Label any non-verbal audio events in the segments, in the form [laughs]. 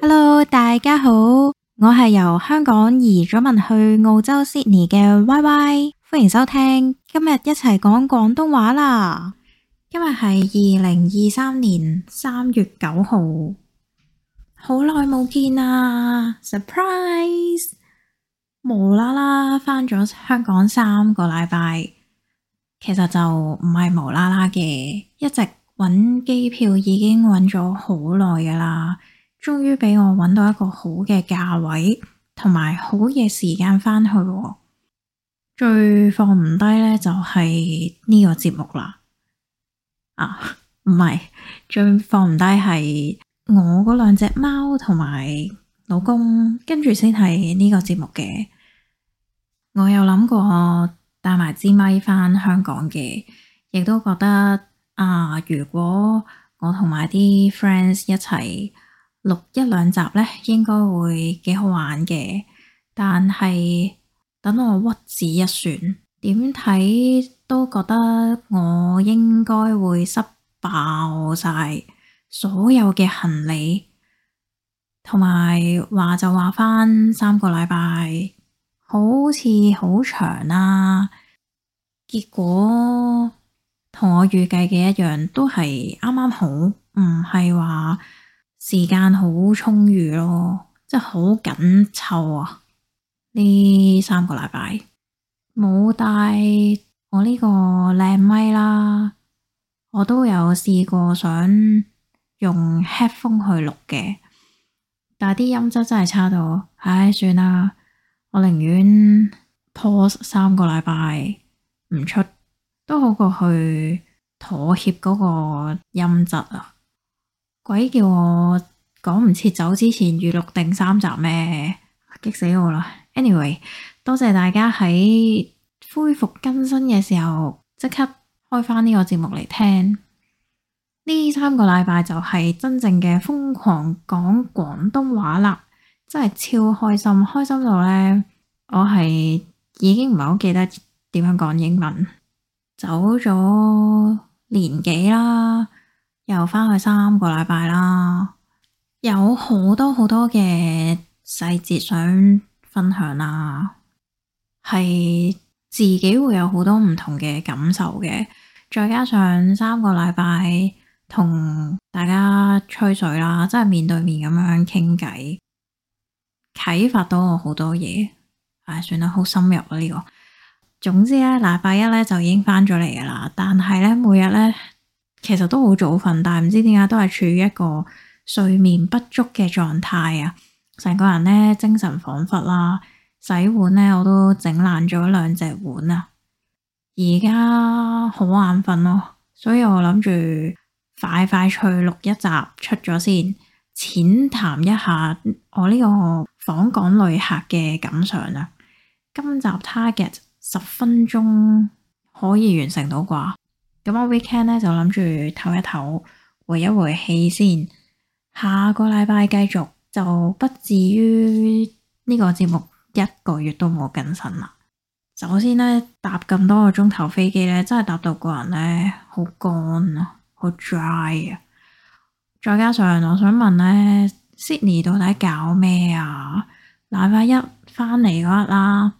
Hello，大家好，我係由香港移咗民去澳洲 Sydney 嘅 Y Y，歡迎收聽今日一齊講廣東話啦。今日係二零二三年三月九號，好耐冇見喇！Surprise，無啦啦返咗香港三個禮拜。其實就唔係無啦啦嘅，一直揾機票已經揾咗好耐噶啦，終於俾我揾到一個好嘅價位，同埋好嘅時間返去。最放唔低咧就係呢個節目啦。啊，唔係，最放唔低係我嗰兩隻貓同埋老公，跟住先係呢個節目嘅。我有諗過。支咪返香港嘅，亦都覺得啊，如果我同埋啲 friends 一齊錄一,一兩集呢，應該會幾好玩嘅。但係等我屈指一算，點睇都覺得我應該會塞爆晒所有嘅行李，同埋話就話返三個禮拜，好似好長啦，啊。結果同我預計嘅一樣，都係啱啱好，唔係話時間好充裕咯，即係好緊湊啊。呢三個禮拜冇帶我呢個靚咪啦，我都有試過想用 headphone 去錄嘅，但係啲音質真係差到，唉、哎，算啦，我寧願 pause 三個禮拜。唔出都好過去妥協嗰個音質啊！鬼叫我講唔切走之前預錄定三集咩？激死我啦！Anyway，多謝大家喺恢復更新嘅時候即刻開翻呢個節目嚟聽。呢三個禮拜就係真正嘅瘋狂講廣東話啦，真係超開心，開心到呢，我係已經唔係好記得。點樣講英文？走咗年幾啦，又翻去三個禮拜啦，有好多好多嘅細節想分享啦，啊，係自己會有好多唔同嘅感受嘅，再加上三個禮拜同大家吹水啦，真係面對面咁樣傾偈，啟發到我好多嘢。唉，哎，算啦，好深入啊呢，這個。總之咧，禮拜一咧就已經翻咗嚟噶啦。但係咧，每日咧其實都好早瞓，但係唔知點解都係處於一個睡眠不足嘅狀態啊。成個人咧精神恍惚啦，洗碗咧我都整爛咗兩隻碗啊。而家好眼瞓咯，所以我諗住快快脆録一集出咗先，淺談一下我呢個訪港旅客嘅感想啊。今集 target，十分鐘可以完成到啩？咁我 weekend 咧就諗住唞一唞，回一回氣先。下個禮拜繼續，就不至於呢個節目一個月都冇更新啦。首先呢，搭咁多個鐘頭飛機呢，真係搭到個人呢好乾啊，好 dry 啊！再加上我想問呢，Sydney 到底搞咩啊？禮拜一翻嚟嗰日啦～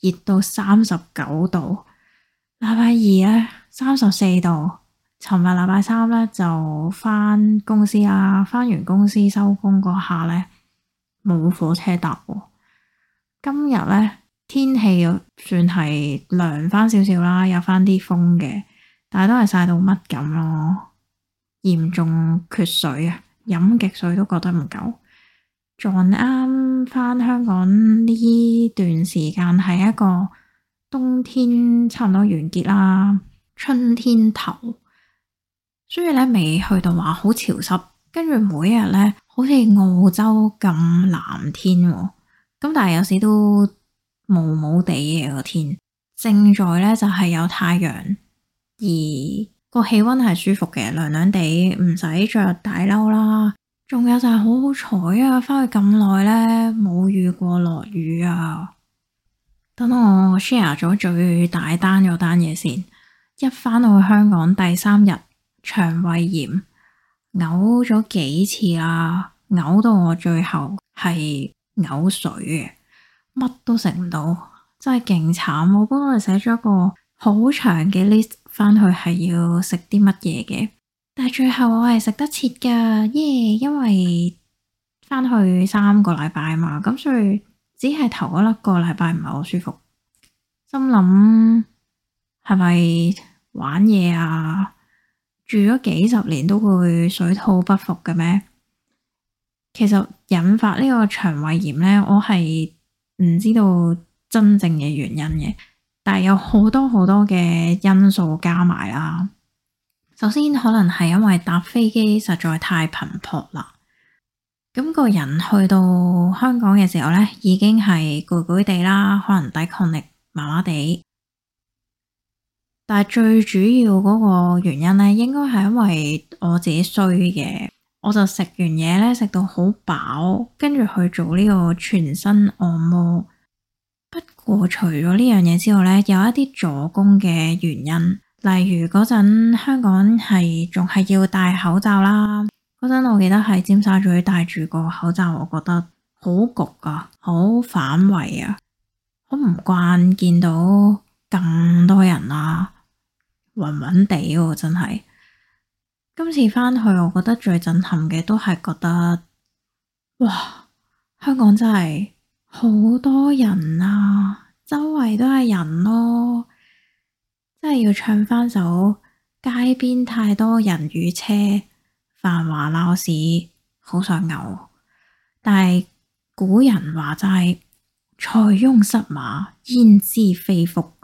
熱到三十九度，禮拜二呢，三十四度，尋日禮拜三呢，就翻公司啊，翻完公司收工嗰下呢，冇火車搭，啊。今日呢，天氣算係涼翻少少啦，有翻啲風嘅，但係都係晒到乜咁咯，嚴重缺水啊，飲極水都覺得唔夠，撞啱，啊。翻香港呢段時間係一個冬天差唔多完結啦，春天頭，所以咧未去到話好潮濕，跟住每一日咧好似澳洲咁藍天，咁但係有時都霧霧地嘅個天，正在咧就係有太陽，而個氣溫係舒服嘅，涼涼地唔使着大褸啦。仲有就係好好彩啊！返去咁耐呢，冇遇過落雨啊！等我 share 咗最大單嗰單嘢先。一返到去香港第三日，腸胃炎，嘔咗幾次啦，嘔到我最後係嘔水嘅，乜都食唔到，真係勁慘。我本來寫咗一個好長嘅 list，返去係要食啲乜嘢嘅。但係最後我係食得切噶，耶，yeah！因為返去三個禮拜嘛，咁所以只係頭嗰粒個禮拜唔係好舒服，心諗係咪玩嘢啊？住咗幾十年都會水土不服嘅咩？其實引發呢個腸胃炎呢，我係唔知道真正嘅原因嘅，但係有好多好多嘅因素加埋啦。首先，可能係因為搭飛機實在太頻撲啦，咁個人去到香港嘅時候呢，已經係攰攰地啦，可能抵抗力麻麻地。但係最主要嗰個原因呢，應該係因為我自己衰嘅，我就食完嘢呢，食到好飽，跟住去做呢個全身按摩。不過除咗呢樣嘢之外呢，有一啲助攻嘅原因。例如嗰陣香港係仲係要戴口罩啦，嗰陣我記得喺尖沙咀戴住個口罩，我覺得好焗啊，好反胃啊，好唔慣見到咁多人啊，暈暈地喎，真係。今次返去我覺得最震撼嘅都係覺得，哇！香港真係好多人啊，周圍都係人咯。真係要唱翻首《街邊太多人與車》繁華，繁華鬧市好想嘔。但係古人話就係“塞翁失馬，焉知非福”。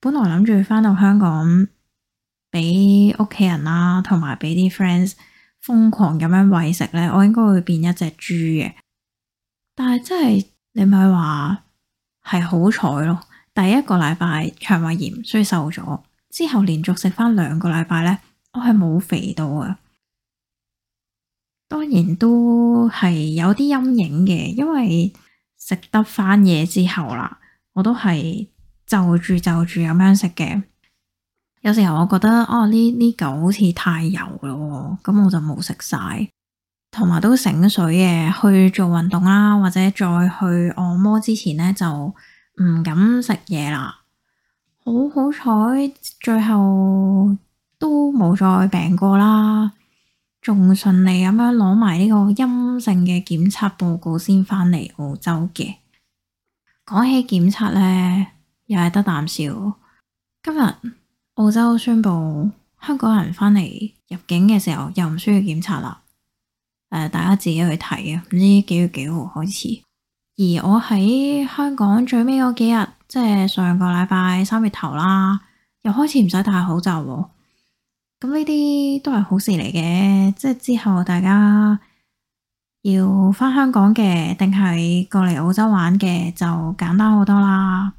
本來諗住返到香港俾屋企人啦，啊，同埋俾啲 friends 瘋狂咁樣喂食咧，我應該會變一隻豬嘅。但係真係你咪話係好彩咯。第一個禮拜腸胃炎，所以瘦咗。之後連續食翻兩個禮拜呢，我係冇肥到嘅。當然都係有啲陰影嘅，因為食得翻嘢之後啦，我都係就住就住咁樣食嘅。有時候我覺得哦，呢呢嚿好似太油咯，咁我就冇食晒，同埋都醒水嘅去做運動啦，或者再去按摩之前呢，就。唔敢食嘢啦，好好彩，最後都冇再病過啦，仲順利咁樣攞埋呢個陰性嘅檢測報告先返嚟澳洲嘅。講起檢測呢，又係得啖笑。今日澳洲宣布香港人返嚟入境嘅時候，又唔需要檢測啦。大家自己去睇啊，唔知幾月幾號開始。而我喺香港最尾嗰幾日，即係上個禮拜三月頭啦，又開始唔使戴口罩喎。咁呢啲都係好事嚟嘅，即係之後大家要翻香港嘅，定係過嚟澳洲玩嘅，就簡單好多啦。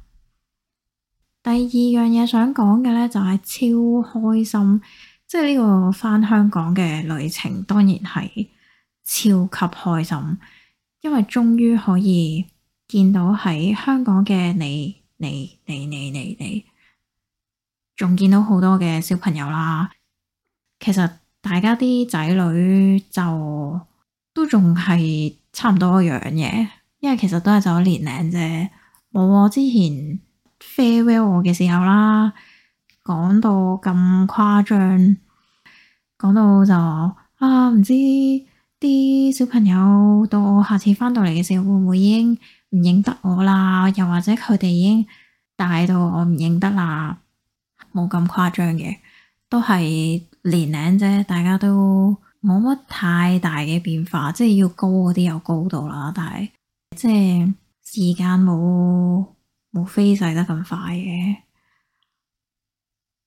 第二樣嘢想講嘅呢，就係超開心，即係呢個翻香港嘅旅程，當然係超級開心。因為終於可以見到喺香港嘅你、你、你、你、你、你，仲見到好多嘅小朋友啦。其實大家啲仔女就都仲係差唔多一樣嘢，因為其實都係就一年齡啫。冇我之前 farewell 我嘅時候啦，講到咁誇張，講到就啊唔知。啲小朋友到我下次翻到嚟嘅時候，會唔會已經唔認得我啦？又或者佢哋已經大到我唔認得啦？冇咁誇張嘅，都係年齡啫，大家都冇乜太大嘅變化，即係要高嗰啲又高度啦，但係即係時間冇冇飛逝得咁快嘅。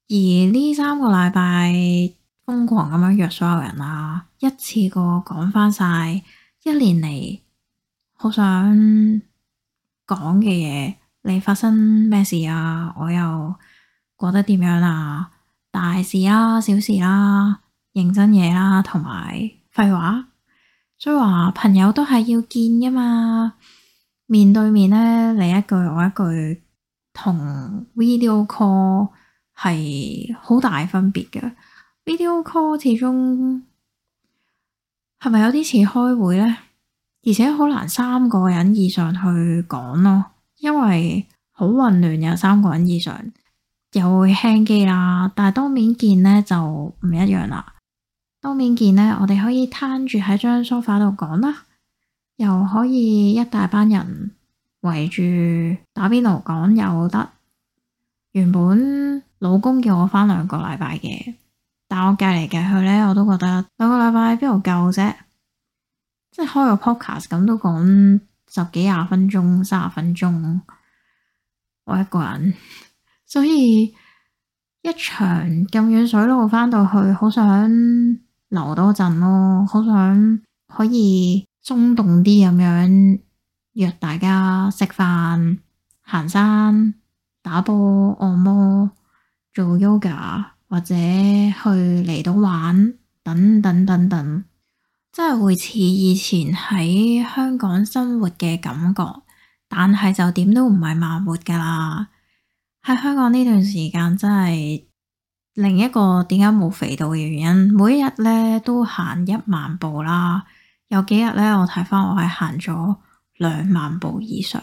而呢三個禮拜。瘋狂咁樣約所有人啊，一次過講翻晒一年嚟，好想講嘅嘢。你發生咩事啊？我又過得點樣啊？大事啦，小事啦，認真嘢啦，同埋廢話。所以話朋友都係要見噶嘛，面對面咧，你一句我一句，同 video call 係好大分別嘅。Video call 始終係咪有啲似開會呢？而且好難三個人以上去講咯，因為好混亂。有三個人以上又會輕機啦。但係當面見呢，就唔一樣啦。當面見呢，我哋可以攤住喺張梳化度講啦，又可以一大班人圍住打邊爐講又得。原本老公叫我返兩個禮拜嘅。但我計嚟計去咧，我都覺得兩個禮拜邊度夠啫，即係開個 podcast 咁都講十幾廿分鐘、三十分鐘，我一個人， [laughs] 所以一場咁遠水路翻到去，好想留多陣咯，好想可以鬆動啲咁樣，約大家食飯、行山、打波、按摩、做 yoga。或者去離島玩，等等等等，真係會似以前喺香港生活嘅感覺。但係就點都唔係慢活噶啦。喺香港呢段時間真係另一個點解冇肥到嘅原因。每日咧都行一萬步啦，有幾日咧我睇翻我係行咗兩萬步以上。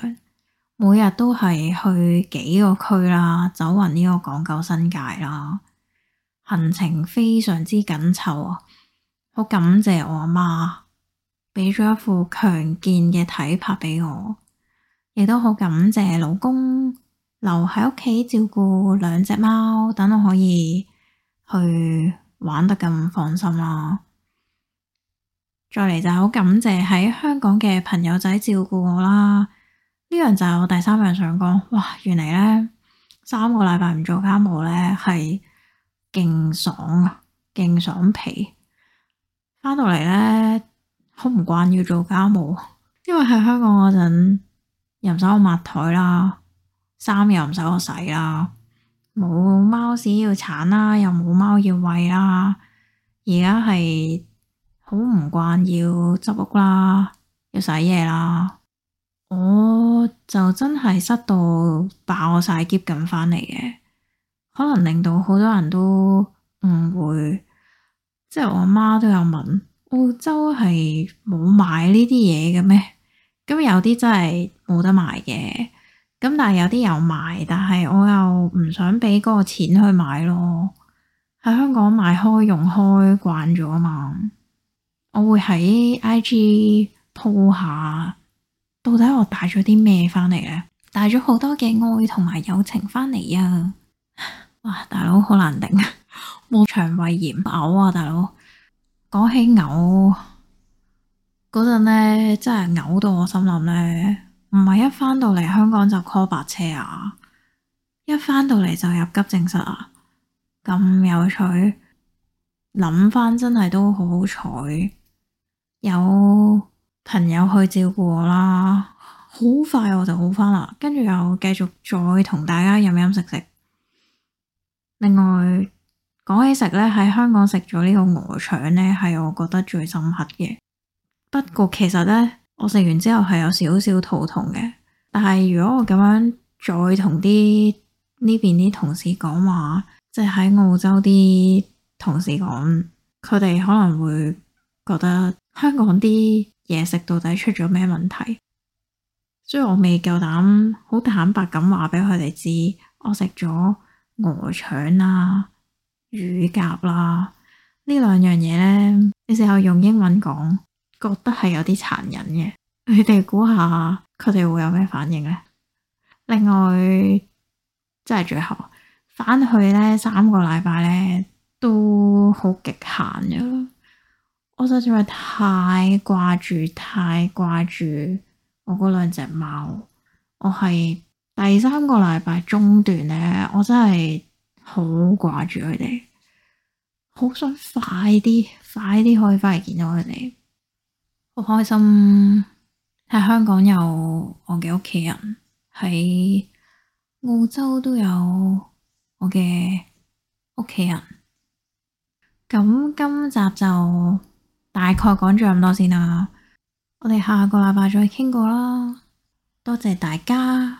每日都係去幾個區啦，走勻呢個港九新界啦。行程非常之緊湊啊！好感謝我阿媽，俾咗一副強健嘅體魄俾我，亦都好感謝老公留喺屋企照顧兩隻貓，等我可以去玩得咁放心啦。再嚟就好感謝喺香港嘅朋友仔照顧我啦。呢樣就係我第三樣想講，哇！原嚟呢三個禮拜唔做家務呢係～勁爽啊，勁爽皮。翻到嚟咧，好唔慣要做家務，因為喺香港嗰陣，又唔使我抹台啦，衫又唔使我洗啦，冇貓屎要鏟啦，又冇貓要喂啦。而家係好唔慣要執屋啦，要洗嘢啦，我就真係塞到爆晒箧咁翻嚟嘅。可能令到好多人都誤會，即係我媽都有問澳洲係冇賣呢啲嘢嘅咩？咁有啲真係冇得賣嘅，咁但係有啲有賣，但係我又唔想俾嗰個錢去買咯。喺香港買開用開慣咗啊嘛，我會喺 IG 鋪下，到底我帶咗啲咩翻嚟咧？帶咗好多嘅愛同埋友情翻嚟啊！哇！大佬好難頂，冇 [laughs] 腸胃炎嘔啊！大佬講起嘔嗰陣呢，真係嘔到我心諗呢，唔係一翻到嚟香港就 call 白車啊，一翻到嚟就入急症室啊，咁有趣。諗翻真係都好好彩，有朋友去照顧我啦，好快我就好翻啦，跟住又繼續再同大家飲飲食食。另外，講起食咧，喺香港食咗呢個鵝腸咧，係我覺得最深刻嘅。不過其實咧，我食完之後係有少少肚痛嘅。但係如果我咁樣再同啲呢邊啲同事講話，即係喺澳洲啲同事講，佢哋可能會覺得香港啲嘢食到底出咗咩問題。所以我未夠膽好坦白咁話俾佢哋知，我食咗。鵝腸啦、乳鴿啦、啊，呢兩樣嘢咧，你試下用英文講，覺得係有啲殘忍嘅。你哋估下佢哋會有咩反應咧？另外，即係最後翻去咧，三個禮拜咧都好極限嘅。我就算係太掛住，太掛住我嗰兩隻貓，我係。第三個禮拜中段咧，我真係好掛住佢哋，好想快啲快啲可以翻嚟，見到佢哋。好開心喺香港有我嘅屋企人，喺澳洲都有我嘅屋企人。咁今集就大概講咗咁多先啦，我哋下個禮拜再傾過啦，多謝大家。